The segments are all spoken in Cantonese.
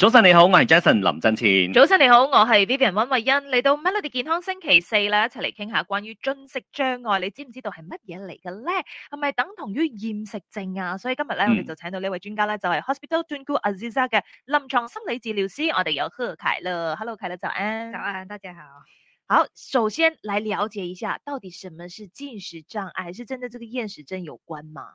早晨你好，我係 Jason 林振前。早晨你好，我係 Vivian 溫慧欣。嚟到 Melody 健康星期四啦，一齊嚟傾下關於進食障礙，你知唔知道係乜嘢嚟嘅咧？係咪等同於厭食症啊？所以今日咧，嗯、我哋就請到呢位專家咧，就係、是、Hospital Tunku Aziza 嘅臨床心理治療師。我哋有賀凱樂，Hello 凱樂，早安。早安，大家好。好，首先嚟了解一下，到底什麼是進食障礙，是真的這個厭食症有關嗎？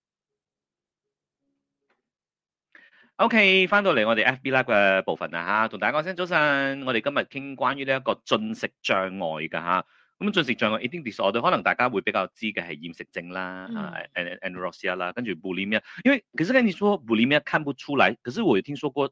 O.K.，翻到嚟我哋 F.B. Lab 嘅部分啊，吓，同大家講聲早晨。我哋今日傾關於呢一個進食障礙嘅吓，咁進食障礙 eating disorder 可能大家會比較知嘅係厭食症啦，啊，anorexia 啦，anorexia，跟住 bulimia。因為其，其實跟住說 bulimia 看不出嚟，可是我聽說過。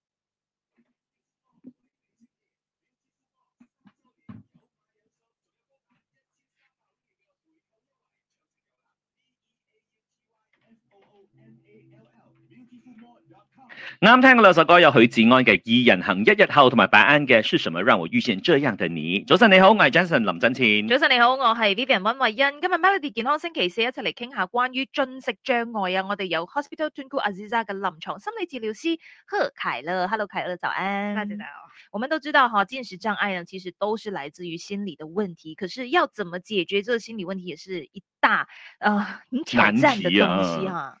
啱 聽過兩首歌有許，有許志安嘅《二人行一日後》同埋白安嘅《是什麼讓我遇見這樣的你》。早晨你好，我係 Jason 林振前。早晨你好，我係 Vivian 温慧欣。今日 Melody 健康星期四一齊嚟傾下關於進食障礙啊！我哋有 Hospital Tungku Aziza 嘅臨床心理治療師賀凱樂、Hello 凱樂早安。我們都知道哈，進、啊、食障礙呢其實都是來自於心理的問題，可是要怎麼解決這個心理問題也是一大啊、呃嗯、挑戰嘅東西哈。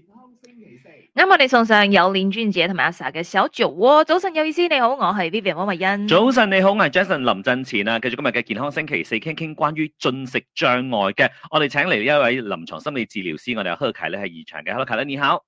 健康星期四，噉我哋送上有臉專姐同埋阿 Sa 嘅小酒窩，哦。早晨有意思，你好，我係 Vivian 溫慧欣。早晨你好，我係 Jason 林振前啊。繼續今日嘅健康星期四，傾傾關於進食障礙嘅。我哋請嚟一位臨床心理治療師，我哋有 Hello K 呢，係現場嘅 Hello K 你好。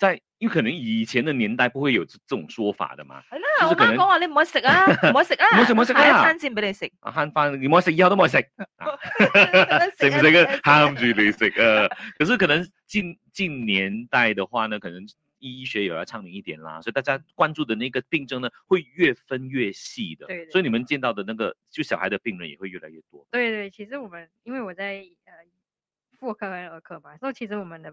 在，因為可能以前的年代不會有這這種說法的嘛，就是可能話你唔食啊，唔食啊，冇食冇食啦，餐先俾你食啊，飯飯你冇食，藥都冇食，可是可能近近年代的話呢，可能醫學也要昌明一點啦，所以大家關注的那個病症呢，會越分越細的，所以你們見到的那個就小孩的病人也會越來越多，對對，其實我們因為我在呃婦科和兒科吧，所以其實我們的。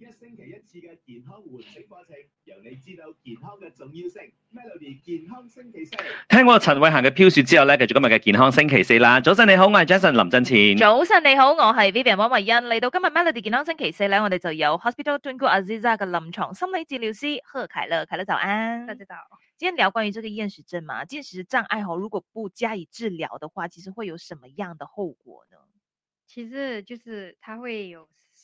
一星期一次嘅健康喚醒過程，由你知道健康嘅重要性。Melody 健康星期四，聽過陳慧嫻嘅飄雪之後咧，繼續今日嘅健康星期四啦。早晨你好，我係 Jason 林振前。早晨你好，我係 Vivian 黃慧欣。嚟到今日 Melody 健康星期四咧，我哋就有 Hospital Tunku Azizah 嘅臨床心理治療師賀凱樂、凱樂早安。大家早，今天聊關於這個厭食症嘛，進食障礙嗬，如果不加以治療嘅話，其實會有什麼樣的後果呢？其實就是，它會有。